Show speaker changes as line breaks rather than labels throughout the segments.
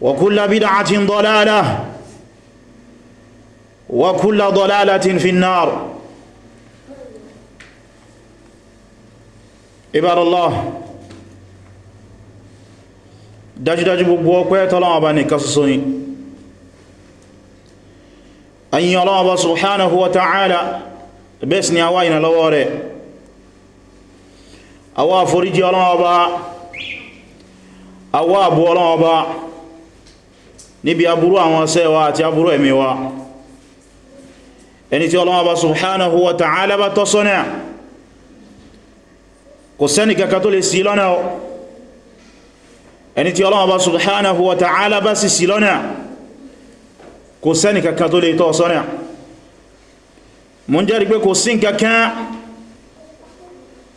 وكل بدعة ضلالة وكل ضلالة في النار إبار الله داج داج ببوكوية طلاب نكسسوني أن يراب سبحانه وتعالى بسني أوين لوري أوافرجي رابا أواب ورابا أواب ورابا níbi aburú àwọn sẹ́wà àti aburú ẹ̀mí wa ẹni tí Ọlọ́hun Ọba subhanahu wa ta'ala bá tọ́ sọ́nà kò sẹ́ni kankan tó lè sí lọ́nà ẹni tí Ọlọ́hun Ọba subhanahu wa ta'ala bá sì sí lọ́nà kò sẹ́ni kankan tó lè tọ́ sọ́nà mo ń jẹ́rìí pé kò sí kankan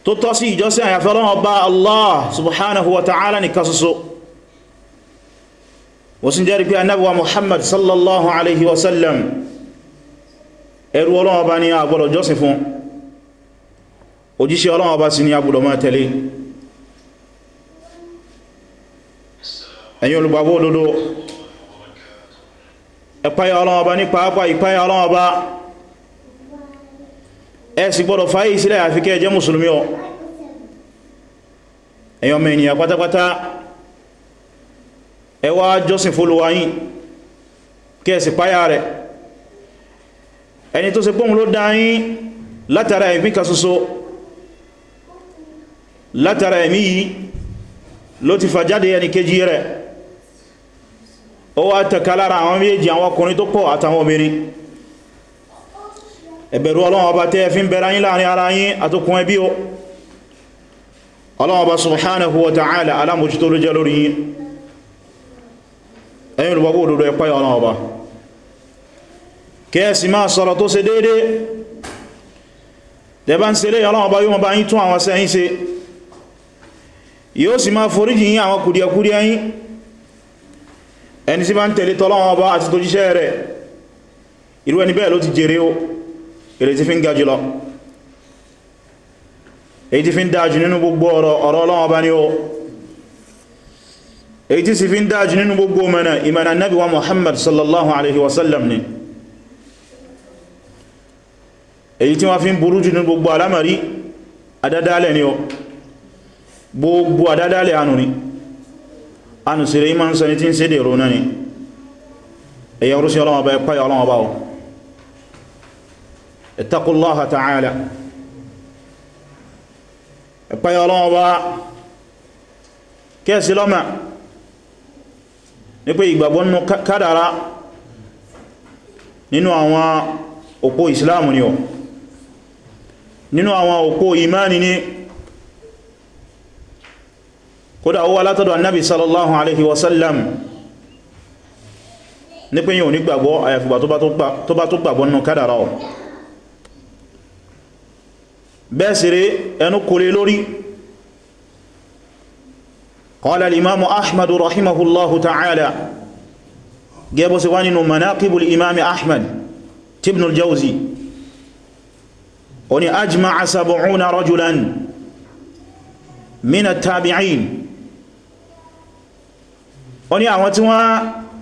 tó tọ́ sí ìjọsìn àyàfi Ọlọ́hun Allah subhanahu wa ta'ala nìkan ṣoṣo wọ́n sì jẹ́rìí pé anábíwa muhammad sallallahu alaihi wasallam ẹrú ọlọ́wọ́ bá ní agbọ́dọ̀ jọ́sìn fún òjíṣẹ́ ọlọ́wọ́ bá sí ní agbọ́dọ̀ máa tẹ̀lé ẹ̀yin olùgbàgbọ́ òdodo ẹ̀páyà ọlọ́wọ́ bá ní pàápàá ẹ wá jọ́sìn fólówá yín kí ẹ sì páyà rẹ̀ ẹni tó ṣe pọ́n ló dá yín látara ẹ̀mí kan ṣoṣo látara ẹ̀mí yìí ló ti fà jáde ẹni kejì rẹ̀ ó wá tẹ̀ka lára àwọn méjì àwọn ọkùnrin tó pọ̀ àtàwọn obìnrin ẹ bẹ̀rù Ọlọ́run ọba tẹ́ ara yín ẹ̀yin olùgbàgbọ́ òdodo ẹ páyà Ọlọ́run Ọba kí ẹ sì máa sọ̀rọ̀ tó ṣe déédé tẹ́bá ń ṣe lé Ọlọ́run Ọba yóò bá yín tún àwọn sẹ́yìn ṣe yóò sì máa foríjì yín àwọn kùdìẹ̀kùdìẹ̀ yín ẹni sí bá ń tẹ̀lé tọ́lọ́run Ọba àti tójíṣẹ́ rẹ̀ irú ẹni èyí tí sì fi ń dájú nínú gbogbo mẹ́nà ìmẹ́nà nabi wa muhammad sallallahu alaihi wasallam ni èyí tí wọ́n fi ń burú jù nínú gbogbo alamari adádálẹ̀ ni o gbogbo adádálẹ̀ anu ni anu sì rí ma ń sani tí ń sédè rona ni èyí rúsí ọlọ́wọ́ ọlọ́wọ́ bá kẹ́ẹ̀sì lọ́mà ní pé ìgbàgbọ́ nínú kádàrá nínú àwọn òpó ìsìláàmù ni ọ̀ nínú àwọn òpó ìmáni ni kódà ó wá látọ̀dọ̀ annabi sallallahu alaihi wasallam ní pé yíò ní gbàgbọ́ àyàfìgbà tó bá tó gbàgbọ́ nínú kádàrá ọ̀ bẹ́ẹ̀ sì rí ẹnu kò lè lórí قال الإمام أحمد رحمه الله تعالى جاب سواني مناقب الإمام أحمد تبن الجوزي وني أجمع سبعون رجلا من التابعين وني أعواتوا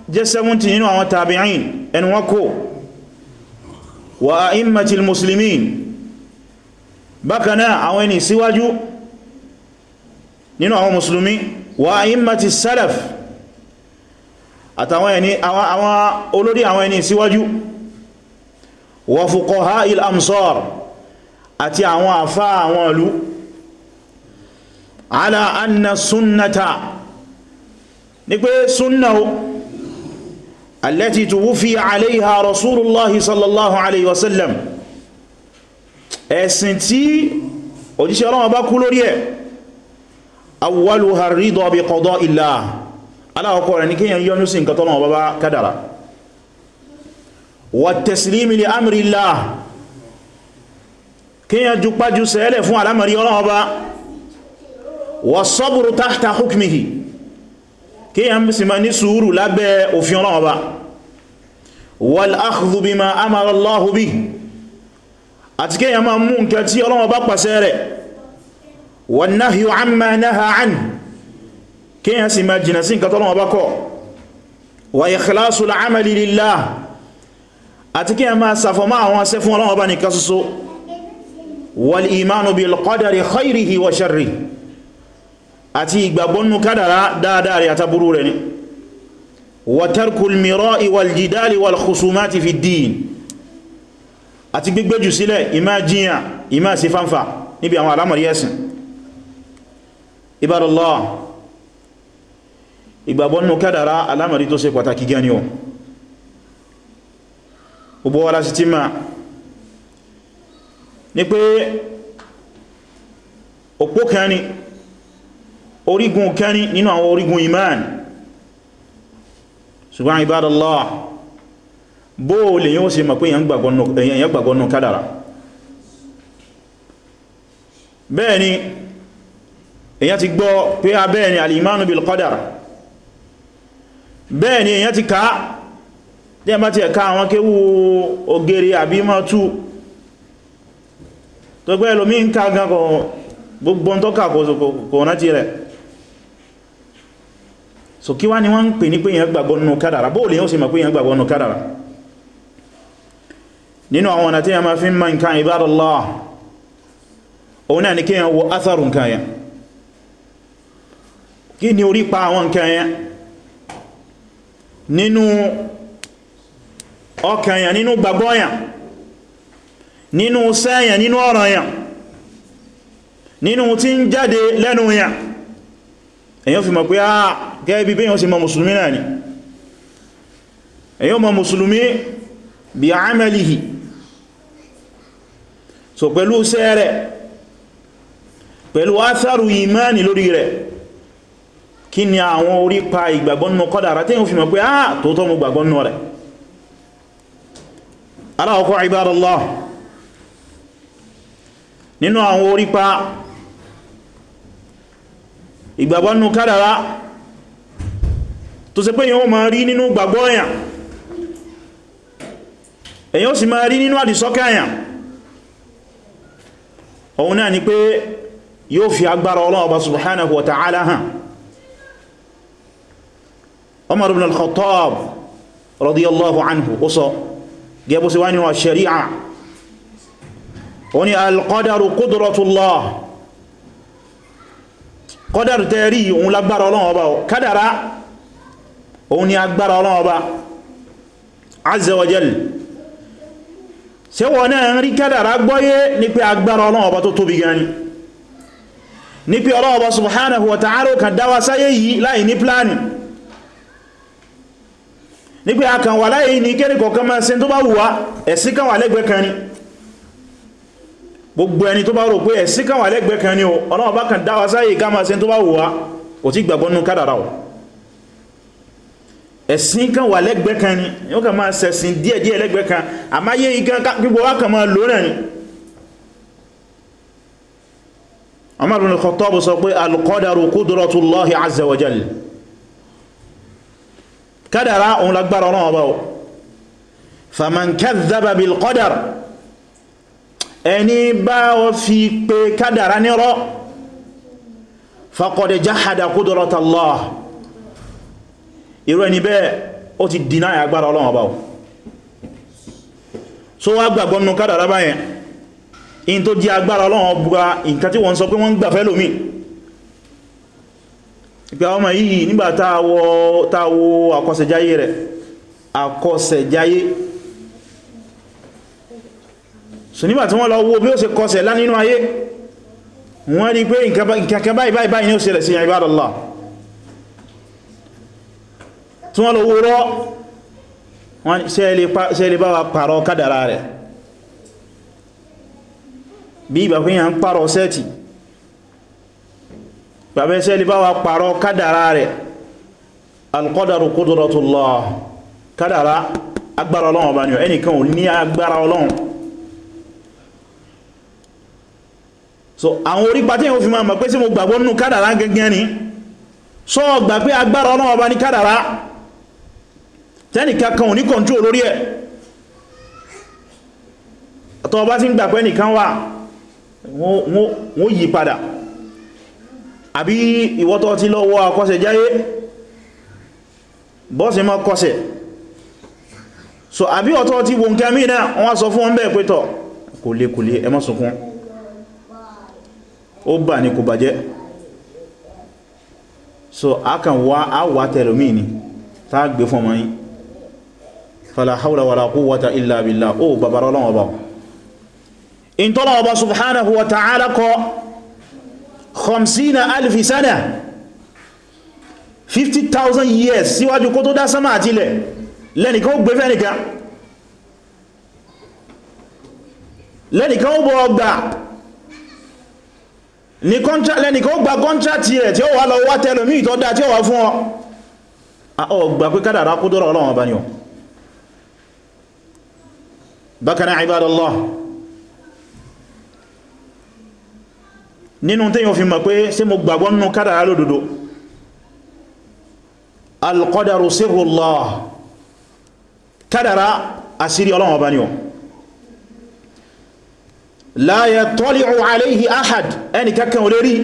جسمون تنينو أعوات التابعين أنوكو وأئمة المسلمين بكنا أعواني سواجو نينو أعوات مسلمين wa a'immati salaf àtàwọn ẹni àwọn olórí àwọn ẹni síwájú wa fuqaha il amsar àti àwọn àfá àwọn ìlú ala anna sunnata ní pé sunna o allati tuwufi alaiha rasulullahi sallallahu alaihi wasallam ẹ̀sìn tí òjíṣẹ́ Ọlọ́run bá kú lórí ẹ̀ awwalu harridọ bi qada illa aláwọ̀kọ́ rẹ̀ ní kíyàn yọ́nú sí nǹkan tọ́lọ̀ bàbá kádàrà wà taslimi li amri Allah kíyàn ju pájú sẹ́lẹ̀ fún alámàrí ọlọ́wọ́ bá wà sabru tahta hukmihi kíyàn sì ma ní sùúrù lábẹ́ òfin ọlọ́wọ́ bá wal akhdhu wannahyu amma naha anhu kí yẹn sì máa jìnà sí nǹkan tọ́lọ́wọ́ bá kọ̀ wa ikhlasul amali lillah àti kí yẹn máa sàfọ́mọ́ àwọn asẹ́ fún Ọlọ́hun Ọba nìkan ṣoṣo wal imanu bil qadari khairihi wa sharrihi àti ìgbàgbọ́nù kádàrá dáadáa rẹ̀ àtàbúrú níbi àwọn alámọ̀rí ẹ̀sìn ibadallá ìgbàgbọ́ nínú kádàrá alámàrí tó ṣe pàtàkì gan ni o gbogbo wa lásì tí ma ní pé òpó kan ni orígun kan ni nínú àwọn orígun iman ṣùgbọ́n ibadallá bóò lè yíó ṣe mọ̀ pé èyàn gbàgbọ́ nínú kádàrá èyàn ti gbọ́ pé a ah, bẹ́ẹ̀ ni alìmánu bil qadar bẹ́ẹ̀ ni èyàn ti ká tí a bá ti ẹ̀ká àwọn kéwú ògèrè àbí mọ́ tú tó gbẹ́ ẹlòmí ń ká gan kọ gbogbo tó ká kò rántí rẹ̀ so kí wá ni wọ́n ń pè ní pé èyàn kádàrà bóòlì kí ni orí pa àwọn nǹkan yẹn nínú ọkàn yẹn nínú gbàgbọ́ yẹn nínú sẹ́yẹn nínú ọ̀rọ̀ yẹn nínú tí ń jáde lẹ́nu yẹn èyàn fi mọ̀ pé àà ah, gẹ́gẹ́ bí bẹ́yàn sí mọ̀ mùsùlùmí náà amalihi so pẹ̀lú sẹ́rẹ̀ pẹ̀lú atharu imani lórí rẹ̀ kí ni àwọn orípa ìgbàgbọ́ nínú kádàrá tí yíò fi mọ̀ pé ah tó tọ́ mú gbàgbọ́ nínú rẹ̀ aláwọ̀kọ́ ibadallah nínú àwọn orípa ìgbàgbọ́ nínú kádàrá tó ṣe pé yíò máa rí nínú gbàgbọ́ èyàn èyàn sì máa rí nínú àdìsọ́kẹ́ èyàn òun náà ni pé yóò fi agbára Ọlọ́run subhanahu wa ta'ala hàn Umar ibn al-Khattab radiyallahu anhu ó sọ gẹ́bù sí wá nínú àṣẹríà ó ní al-qadaru qudratullah kọ́dàrù tẹ́rí òun lágbára Ọlọ́run Ọba kádàrá òun ni agbára Ọlọ́run Ọba azza wa jal ṣé wọ́n náà ń rí kádàrá gbọ́yé ní pé agbára Ọlọ́run Ọba tó tóbi gani ní pé Ọlọ́run Ọba subhanahu wa ta'ala kan dáwà sáyé láì ní pláni nígbé akàn wà láyé ní kẹ́rì kọ̀ọ̀kan máa ṣe tó bá wùwá ẹ̀sìn kan wà lẹ́gbẹ̀ẹ́ kan ni gbogbo ẹni tó bá rò pé ẹ̀sìn kan wà lẹ́gbẹ̀ẹ́ kan ni o bá kàn dáwà sáyé ká máa ṣe tó bá wùwá ò tí gbàgbọ́ nú kádàrà o ẹ̀sìn kan sọ pé al-qadaru qudratullahi azza kádàrá òun lágbára ọlọ́run ọba o faman kadhaba bil qadar ẹni bá ọ fi pé kádàrá nírọ́ faqad jahada qudrata Allah irú ẹni bẹ́ẹ̀ ó ti dínà agbára ọlọ́run ọba o so wá gbàgbọ́ nù kádàrá báyẹn in tó di agbára ọlọ́run ọba nǹkan ìpé àwọn ọmọ yìí nígbà táwọ àkọsẹ̀jáyé rẹ̀ àkọsẹ̀jáyé so nígbà tí wọ́n lọ wo bí ó ṣe kọsẹ̀ lá nínú ayé wọ́n rí pé nǹkan báyìí báyìí báyìí ní ó ṣẹlẹ̀ sí ibadallah tí wọ́n lọ wo rọ́ wọ́n ṣe bá wa pààrọ̀ kádàrà rẹ̀ bí ìgbà ń pààrọ̀ sẹ́ẹ̀tì bàbẹ́sẹ́ lè bá wa pàrọ kádàrá rẹ̀ alqadaru qudratullah kádàrá agbára ọlọ́run ọba ni ọ ẹnìkan ò ní agbára ọlọ́run so àwọn orípa tí yíò fi máa mọ̀ pé sí mo gbàgbọ́ nínú kádàrá gẹ́gẹ́ ni sọ gbà pé agbára ọlọ́run ọba ní kádàrá tẹ́nìkan kan ò ní kọ̀ntú olórí ẹ̀ àtọ́ ọba ti ń gbà pé ẹnìkan wà wọ́n yí padà àbí ìwọ́tọ́ tí lọ́wọ́ akọ́sẹ̀ jáyé bọ́sí ma kọ́sẹ̀ so àbí ọ̀tọ́ tí wọ́n kẹ́mí náà wọ́n sọ fún wọn bẹ́ẹ̀ pẹ́tọ̀ kò lè kò lè ẹ má sunkún ó bà ní kò bàjẹ́ so a kan wá a wà tẹ̀lómí ni tá gbé fún ọmọ yìí fala hawla wala quwwata illa billah ó babarọ́lọ́wọ́ bá in tọ́lọ́wọ́ bá subhanahu wa ta'ala ko khamsina alfi sana 50,000 years síwájú kó tó dá sánmà àti ilẹ̀ lẹ́nìkan ó gbé fẹ́nìkan lẹ́nìkan ó bọ̀ ọgbà lẹ́nìkan ó gba kọ́ntrátì rẹ̀ tí ó wà lọ wá tẹ́lòmí ìtọ́dá tí ó wà fún ọ ọgbà pé kádàrá kó dọ́rọ̀ Ọlọ́run ọba ni ọ bákanáà ibadallah nínú tí yíò fi mọ̀ pé sí mo gbàgbọ́ nínú kádàrá lódodo alqadaru sirrullah kádàrá àsírí Ọlọ́run Ọba ni o la yattali'u alayhi ahad ẹni kankan ò lè rí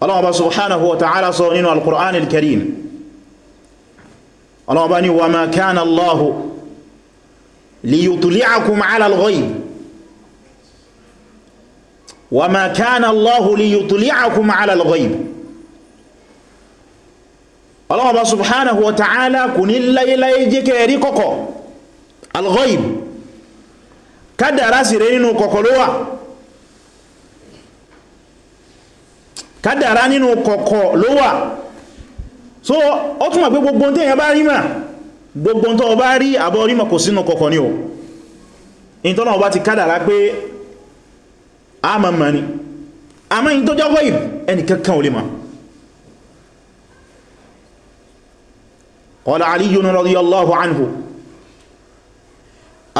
Ọlọ́run Ọba subhanahu wa ta'ala sọ nínú al-Qur'an al wa ma kana Allahu liyutli'akum 'ala al-ghayb Allah bá subhanahu wa ta'ala kò ní láyéláyé jẹ́ kẹrí kọ́kọ́ al-ghayb kádàrá sí rẹ̀ nínú kọ̀kọ̀ ló kádàrá nínú kọ̀kọ̀ ló so ó túnmọ̀ pé gbogbo tí èyàn bá rí mà gbogbo tó bá rí àbọ̀ rí mà kò sínú kọ̀kọ̀ ni ò a ma ma ni a ma yin tó jẹ́ ghaib ẹni kankan ò lè ma qala aliyun radiyallahu anhu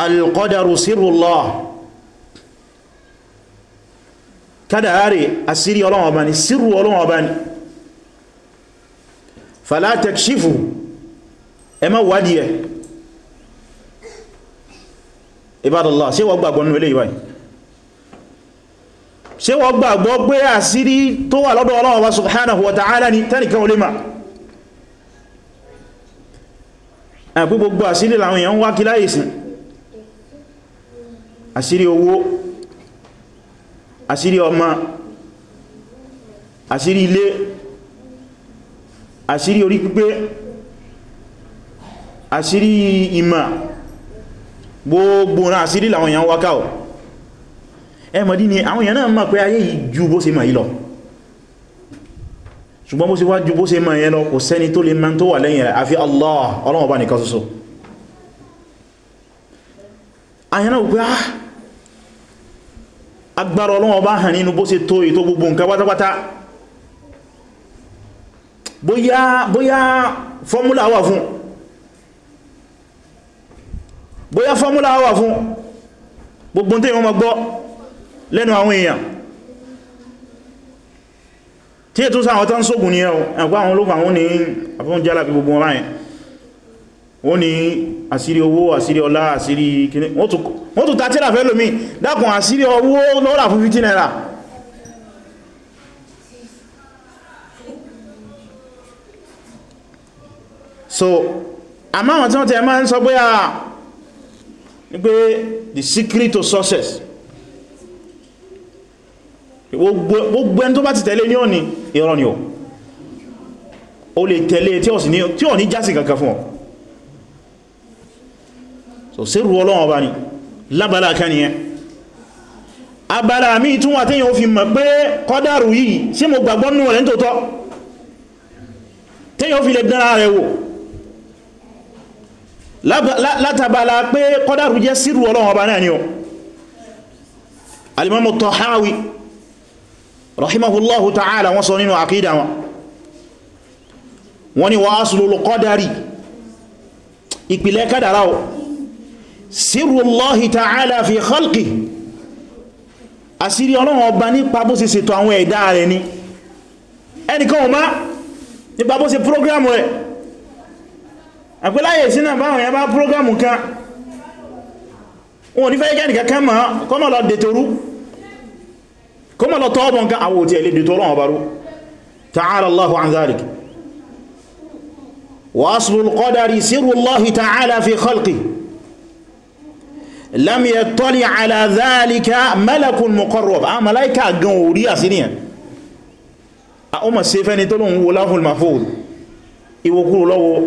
alqadaru sirrullah kádàárì àsírí ọlọ́wọ́ bá ní sírù ọlọ́wọ́ bá ní fala takshifu ẹ má wádìí ibadallah ṣe wọ́n nílé ìwáyìí ṣe wọ́n gbàgbọ́ pé àsírí tó wà lọ́dọ̀ Ọlọ́run wa subhanahu wa ta'ala ni tẹ́nìkan olè ma àpí gbogbo àsírí làwọn èèyàn wá kí láìsìn àsírí owó àsírí ọmọ àsírí ilé àsírí orí pípé àsírí ìmà gbogbo náà àsírí làwọn èèyàn wá káwọ̀ ẹmọ̀dí ni àwọn èèyàn náà mọ̀ pé ayé yìí ju bó ṣe mọ̀ yìí lọ ṣùgbọ́n bó ṣe wá ju bó ṣe mọ̀ yẹn lọ kò sẹ́ni tó lè mọ̀ tó wà lẹ́yìn rẹ̀ àfi Allah Ọlọ́run bá nìkan ṣoṣo àyẹ̀ náà wípé ah, agbára Ọlọ́run bá hàn nínú bó ṣe tó ètò gbogbo nǹkan pátápátá bóyá bóyá fọ́múlà wà fún bóyá fọ́múlà wà fún gbogbo tí wọ́n mọ̀ gbọ́ lẹ́nu àwọn èèyàn tí è tó sáwọn tán sógun ní ẹ̀wọ̀ àwọn ológun àwọn ní àfihàn jẹ́ alábi gbogbo ọ̀rá yẹn ó ní àsírí owó àsírí ọlá àsírí kìíní wọ́n tó ta fẹ́ lómi dákùn àsírí owó lọ́rà fún 15 naira so àmáwọn tí wọ́n tẹ́ máa ń sọ pé ní pé the secret to success gbogbo ẹni tó bá ti tẹ̀lé ní ọ̀ní irọ́ ni ọ̀ o lè tẹ̀lé tí ọ̀ ní jásí kankan fún ọ so sírù ọlọ́wọ́n bá ní lábàlá kan ni abala mi tún wà tíyàn fi mọ̀ pé kọ́dàrù yìí sí mo gbàgbọ́ nù rẹ̀ nítòótọ́ tíyàn fi lè dára rẹ̀ wò látàbàlá pé kọ́dàrù jẹ́ sírù ọlọ́wọ́n bá náà ni ọ alimamu rahimahullahu ta'ala wọ́n sọ nínú àkídà wọn wọ́n ni wa aslul qadari ìpìlẹ̀ kádàrá o sirrullahi ta'ala fi khalqi àṣírí ọlọ́run ọba nípa bó ṣe ṣètò àwọn ẹ̀dá rẹ̀ ni ẹnìkan ò má nípa bó ṣe prógrámù rẹ̀ àpẹ́láyè sínà báwọn yẹn bá prógrámù kan wọn ò ní fẹ́ jẹ́ nìkan kan mọ́ kọ́mọ̀ lọ dètòrú kó mọ́ lọ tọ́ọ̀bọ̀ nǹkan àwọn òtí ẹ̀lẹ́dẹ̀ tó Ọlọ́run barú ta'ala Allahu an zalik wa aslul qadari sirru Allahi ta'ala fi khalqi lam yattali ala zalika malakun muqarrab a malaika gan orí àsìníyàn a o ma se fẹ́ni tó lóhun wo lahul mahfuz ìwòkúrò lọ́wọ́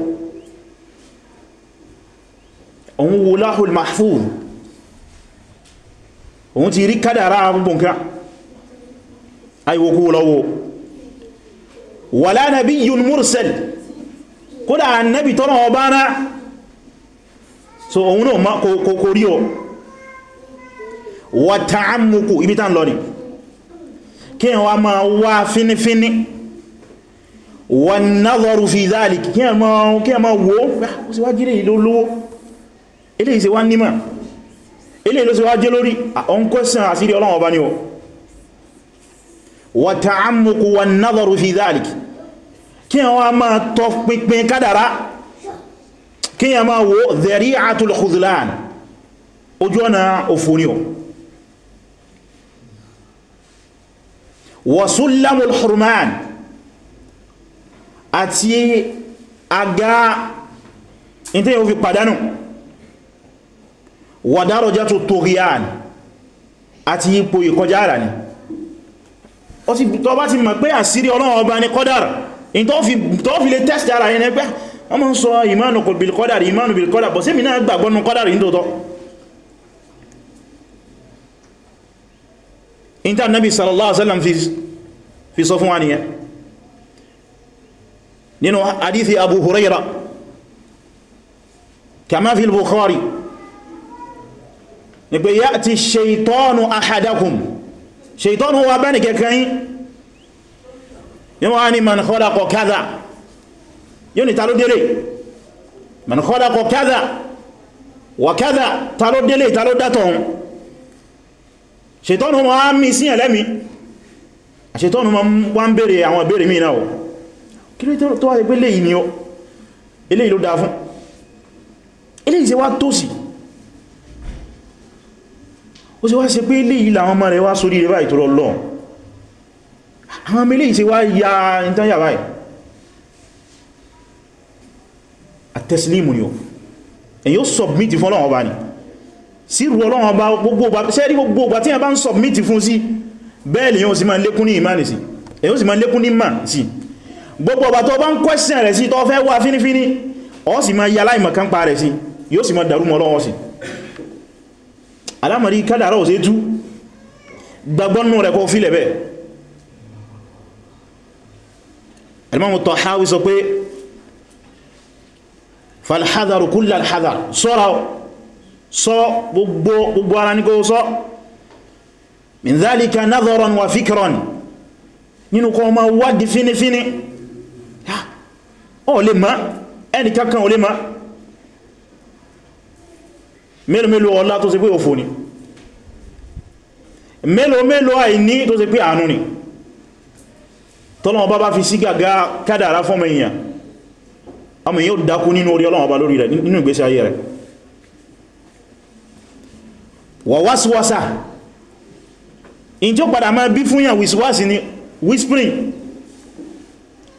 òun wo lahul mahfuz òun ti rí kádàrá gbogbo nǹkan àìwòkú lọ́wọ́ wàlá nabiyyun mursal kódà annabi tọ́nà ọba rá so òun náà ma kò rí ọ wà ta'ammuku ibi tán lọ ni kí wa ma wá fínífíní wà nadharu fi dhalik kí ẹ ma wo ó sì ah, wá jílé ìlú lówó ilé ìsẹ̀wá nímọ̀ ilé ìlú sí wá jẹ́ lórí ọ̀nkọ́sàn ah, àsírí ọlọ́wọ́ ọba ni ó wa ta'ammuqu wan nadharu fi dhalik kí wọ́n máa tọ pínpín kádàrá kí wọ́n máa wo dhari'atul khudlan ojú ọ̀nà òfúnníọ̀ wa sullamul hurman àti àga ìtẹ́ yóò fi pàdánù wa darajatu tughyan àti ipò ìkọjá ara ni tó bá ti mọ̀ pé àsírí Ọlọ́run ọba ni kọ́dàrà in tó fi lè tẹ́sì ara ẹni ẹgbẹ́ wọ́n mọ́ ń sọ ìmánu bil kọ́dàrì ìmánu bil kọ́dàrì bọ̀ sí mi náà gbàgbọ́ nínú kọ́dàrì ní tòótọ́ in tá nabi sallallahu alaihi wasallam fi sọ fún wa nìyẹn nínú hadithi abu huraira kama ṣètọ́nù wa bẹ́ni kẹkẹrin yíò wá ní man khalaqa kadha yíò ní talódélé man khalaqa kadha wa kadha talódélé talódátọ̀un ṣètọ́nù wa mí sí ẹ̀lẹ́mí ṣètọ́nù wa ń bèèrè àwọn ìbèèrè mí náà kí ló tó wá ẹgbẹ́ lè ni ó ó sì wá ṣe pé ilé yìí làwọn ọmọ rẹ̀ wá sórí rẹ̀ báyìí tó lọ́lọ́ àwọn ọmọ ilé yìí ṣe wá ya ìtànyà báyìí àtẹ́sílìmù ni ó èyí submit fún Ọlọ́run Ọba ni sí rú Ọlọ́run Ọba gbogbo ọba tí a bá ń submit fún sí bẹ́ẹ̀ lè yóò sì máa lékún ní ìmáni sí èyí ó sì máa lékún ní ìmáni sí gbogbo ọba tó bá ń question rẹ̀ sí tó fẹ́ wà fínífíní ó sì máa yà láìmọ̀kánpa rẹ̀ sí yóò sì máa dàrú mọ́ lọ́wọ́ sí alámàrí kádàrá ò sí tú gbagbọ́nù rẹ̀ kọ́ fílẹ̀ bẹ́ẹ̀ Al-Imam Tahawi sọ pé falhadaru kulla alhadar sọ́ra sọ gbogbo ara ní kó sọ min dhalika nadharan wa fikran nínú kọ́ ma wádìí fínífíní ọ lè ma ẹni kankan ò mélòó mélòó ọlá tó ṣe pé òfò ni mélòó mélòó àìní tó ṣe pé àánú ni tọ́lọ́wọ́ bá bá fi sí gàgá kádàrá fọ́mọ èèyàn àmì yóò dákú nínú orí Ọlọ́run bá lórí rẹ̀ nínú ìgbésí ayé rẹ̀ wàwásíwásá in tí ó padà máa bí fún yàn wíṣíwásí ni whispering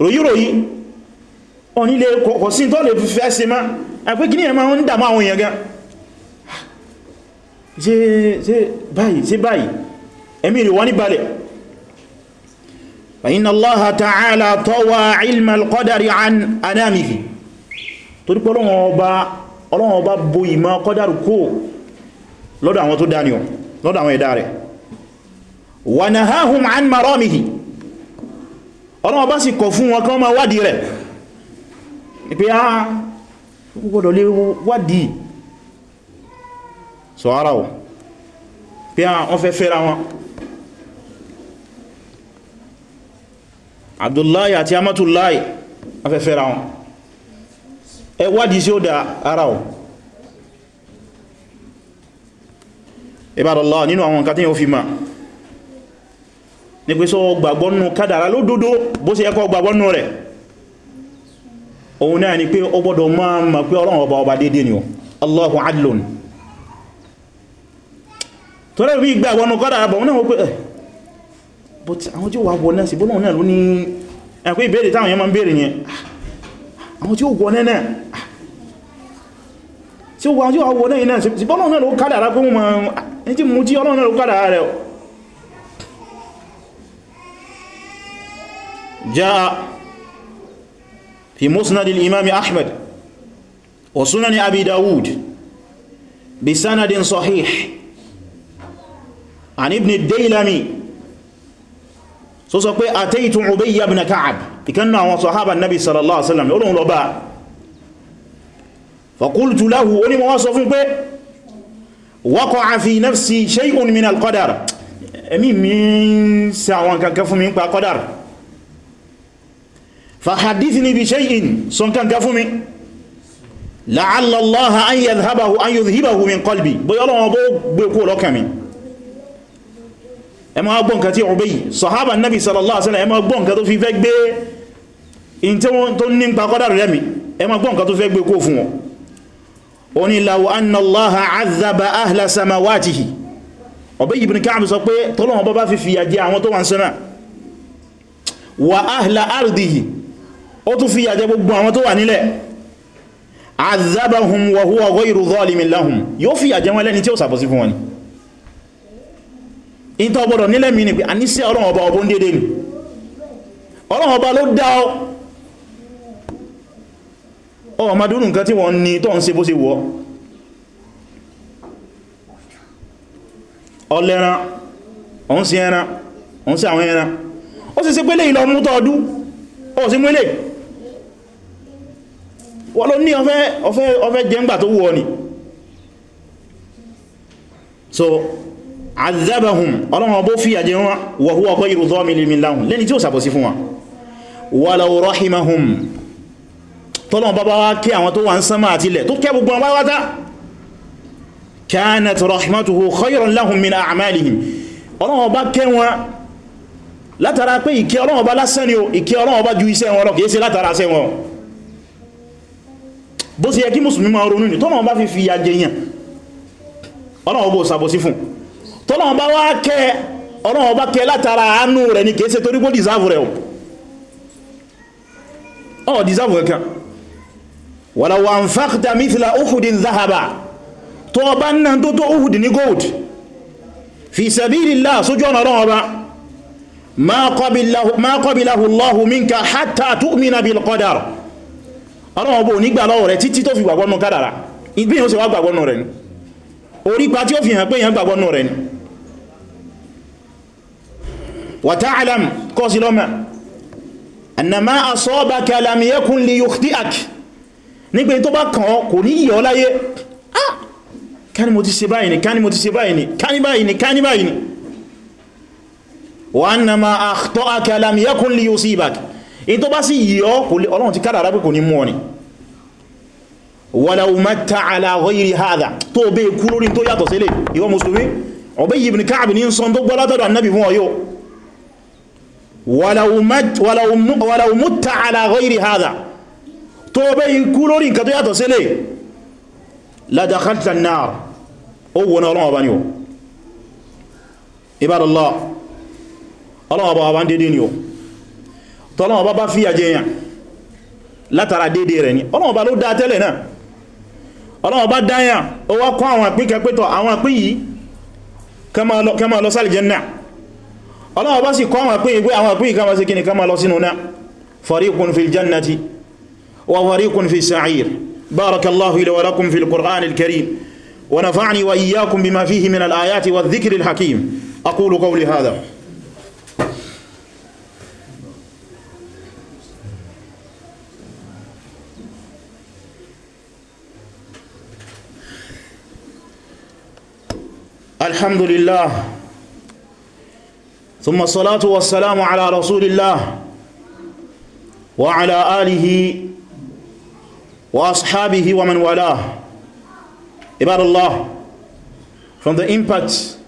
ròyíròyí onílé kọ̀ọ̀sí tó lè fi fẹ́ se má àpé kí ní ń dàmú àwọn èèyàn gan ṣe báyìí ṣe báyìí ẹ̀mí rẹ̀ wọ́n ní balẹ̀ fa inna Allaha ta'ala tawa ilma al-qadari an anamihi torí pé Ọlọ́run Ọba bo ìmọ̀ kọ́dàrí kó lọ́dọ̀ àwọn tó dáni ọ̀ lọ́dọ̀ àwọn ẹ̀dá rẹ̀ wa nahahum an maramihi Ọlọ́run Ọba sì kọ̀ fún wọn kán ma wádìí rẹ̀ pé á ah, gbọ́dọ̀ lè wádìí so ara ọ̀ pé wọ́n fẹ́ fẹ́ra wọn Abdullahi àti Amatullahi wọ́n fẹ́ fẹ́ra wọn ẹ wádìí sí ó dá ara ọ̀ ìbádọ̀lá nínú àwọn nǹkan tí yóò fi ma ní pé sọ gbàgbọ́nù kádàrá lódodo bó ṣe yẹ kó gbàgbọ́nù rẹ̀ òun náà ni pé ó gbọ́dọ̀ máa mọ̀ pé Ọlọ́run ọba ọba dédé ni ó Allahu adlun tọ́lẹ̀ bí ìgbà wọnú kọ́dà àbọ̀ wọn náà wọ́n pé ẹ̀ eh. but àwọn tí ó wà wọ́n náà sí bọ́lọ̀ náà ló ní ẹ̀kọ́ ìbéèrè táwọn yẹn máa ń béèrè yẹn àwọn tí ó wọ́n náà tí ó wọ́n wọ́n náà náà sí bọ́lọ̀ náà ló kádà rá pé wọ́n náà ló kádà rẹ̀ jaa عن ابن الديلمي سوسو بي اتيت عبي بن كعب كان هو صحابه النبي صلى الله عليه وسلم يقولون لو با فقلت له اني ما وصف بي وقع في نفسي شيء من القدر امي من ساوان كان كفو من قدر فحدثني بشيء سن كان كفو من لعل الله ان يذهبه ان يذهبه من قلبي بيقولوا بو بيقولوا كمين ẹ máa gbọ́ nǹkan tí Ubayy sàhábà Nabi sallallahu alaihi wasallam ẹ máa gbọ́ nǹkan tó fi fẹ́ gbé in tí wọ́n tó ní pa kọ́dà rẹ̀ mi ẹ máa gbọ́ nǹkan tó fẹ́ gbé kó fún wọn ó ní law anna Allaha azaba ahla samawatihi Ubayy ibn Ka'b sọ pé in tó gbọ́dọ̀ nílẹ̀ mi ni pé a ní sí ọlọ́run ọba ọbọ̀ dédé ni ọlọ́run ọba ló dá ọ ọwọ́ ma dúrù nǹkan tí wọ́n ní tó ń ṣe bó ṣe wọ́ ọlẹ́ran ọ̀n sí ẹran ọ̀n sí àwọn ẹran ó sì ṣe pélé ìlọ mú tọ́ọdú ó sì múlé wọ́n ló ní ọfẹ́ jẹ́ ń azabahum ọlọ́run ọbó fìyà jẹ wọn wa huwa ghayru dhamirin lahum lẹ́ni tí ó sàbọ̀sí fún wọn walau rahimahum tọ́lọ́run bá bá wá kí àwọn tó wà ń sánmà àti ilẹ̀ tó kẹ́ gbogbo wọn wáwátá kanat rahmatuhu khayran lahum min a'malihim ọlọ́run ọba kẹ́ wọn látara pé ìkẹ́ ọlọ́run ọba bó ṣe yẹ fún tọ́lọ́wọ́n bá wá kẹ́ ọlọ́wọ́n bá kẹ́ látara àánú rẹ̀ ní kèése torí kó dìsáàfù rẹ̀ ọ̀ dìsáàfù rẹ̀ kan walaw anfaqta mithla uhudin zahaba tó ọba náà tó tó uhud ní gold fi sabilillah sójú ọ̀nà ọlọ́wọ́n bá ma qabilahu Allahu minka hatta tu'mina bil qadar ọlọ́wọ́n bó nígbà lọ́wọ́ rẹ̀ títí tó tí ó fi hàn pé èyàn gbàgbọ́nù rẹ̀ ni wàtàálàm kọ́sí lọ́mà annama asọ́baka lam yakun li yukhti'ak nígbé tó bá kàn kò ní yíò láyé ah kání mo ti ṣe báyìí ni kání mo ti ṣe báyìí ni kání báyìí ni kání báyìí ni wa annama akhta'aka lam yakun li yusibak in tó bá sì yíò ọlọ́run ti kádàrá pé kò ní mú ni walau matta ala ghayri hadha tó bẹ́ kú wàlàwù múta ala ghairi hadha tó bẹ́ ikú lórí nǹkan tó yàtọ̀ sílẹ̀ ládàkàtà náà ó wọ́n ọlọ́wọ́ bá ní o ibadallah ọlọ́wọ́ bá ń dédé ní o tọ́lọ́wọ́ bá bá fi àjẹyàn látara dédé rẹ̀ ní ọlọ́wọ́ bá ló dá tẹ́lẹ̀ náà ọlọ́wọ́ bá dáyàn ó wá kọ́ ọlọ́wọ́ bá sì kọ́ àwọn pín ìgbé àwọn pín ìkàmà sí kí kíni kama lọ sínú náà fariqun fi jannati wa fariqun fi sa'ir barakallahu li wa lakum fil qur'an al-karim wa nafa'ni wa iyyakum bima fihi min al-ayati wa dhikri alhakim a aqulu qawli hada alhamdulillah ثم الصلاة والسلام على رسول الله وعلى آله وأصحابه ومن والاه About Allah from the impact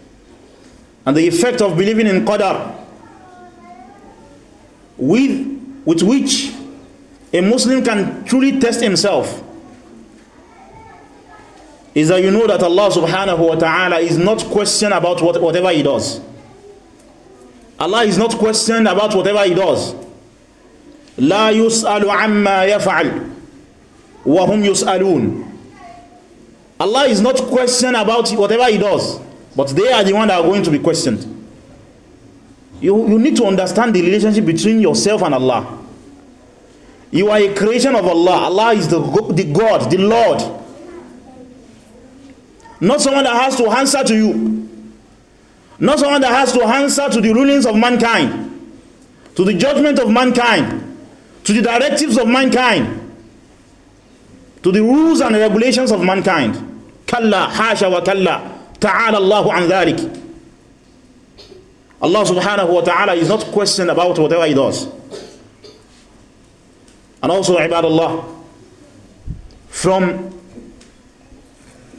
and the effect of believing in Qadar with, with which a Muslim can truly test himself is that you know that Allah subhanahu wa ta'ala is not questioned about what, whatever he does. Allah is not questioned about whatever he does لا يسأل amma yaf'al wa hum yus'alun Allah is not questioned about whatever he does but they are the ones that are going to be questioned you, you need to understand the relationship between yourself and Allah you are a creation of Allah Allah is the, the God, the Lord not someone that has to answer to you Not someone that has to answer to the rulings of mankind, to the judgment of mankind, to the directives of mankind, to the rules and regulations of mankind. Kalla, hasha wa kalla, ta'ala Allahu an dharik. Allah subhanahu wa ta'ala is not questioned about whatever he does. And also, ibadallah, from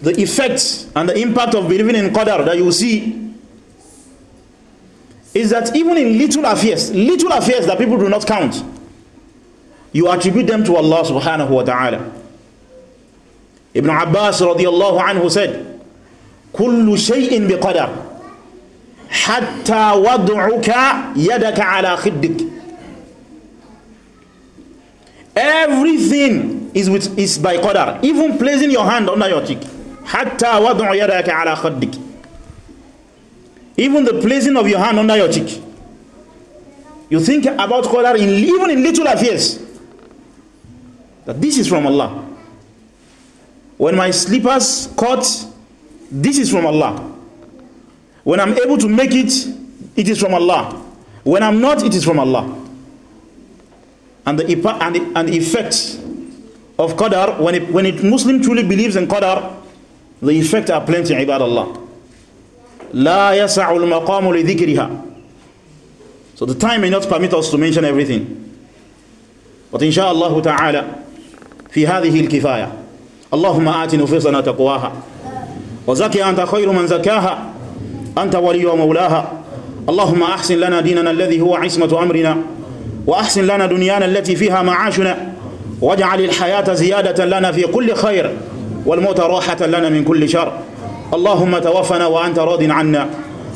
the effects and the impact of believing in qadar that you see is that even in little affairs, little affairs that people do not count, you attribute them to Allah subhanahu wa ta'ala. Ibn Abbas radiallahu anhu said, كل شيء بقدر حتى وضعك يدك على خدك Everything is with is by qadar. Even placing your hand under your cheek. حتى وضع يدك على خدك even the placing of your hand under your cheek you think about qadar in even in little affairs that this is from Allah when my slippers caught this is from Allah when I'm able to make it it is from Allah when I'm not it is from Allah and the, and the, and the effect of qadar when, it, when it Muslim truly believes in qadar the effect are plenty ibad Allah لا يسع المقام لذكرها So the time may not permit us to mention everything. But inshallah ta'ala في هذه الكفاية اللهم آت نفوسنا تقواها وزكي أنت خير من زكاها أنت ولي ومولاها اللهم أحسن لنا ديننا الذي هو عصمة أمرنا وأحسن لنا دنيانا التي فيها معاشنا واجعل الحياة زيادة لنا في كل خير والموت راحة لنا من كل شر اللهم توفنا وأنت راض عنا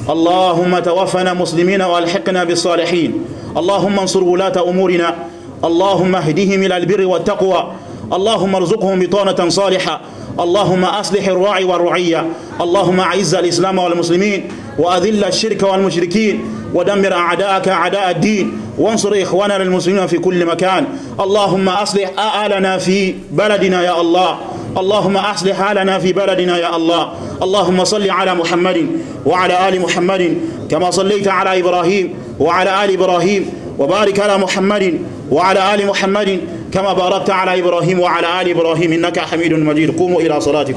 اللهم توفنا مسلمين والحقنا بالصالحين اللهم انصر ولاة أمورنا اللهم اهدهم إلى البر والتقوى اللهم ارزقهم بطانة صالحة اللهم أصلح الراعي والرعية اللهم أعز الإسلام والمسلمين وأذل الشرك والمشركين ودمر أعداءك أعداء الدين وانصر إخواننا المسلمين في كل مكان اللهم أصلح أهلنا في بلدنا يا الله اللهم أصلح حالنا في بلدنا يا الله اللهم صل على محمد وعلى آل محمد كما صليت على إبراهيم وعلى آل إبراهيم وبارك على محمد وعلى آل محمد كما باركت على إبراهيم وعلى آل إبراهيم إنك حميد مجيد قوموا إلى صلاتكم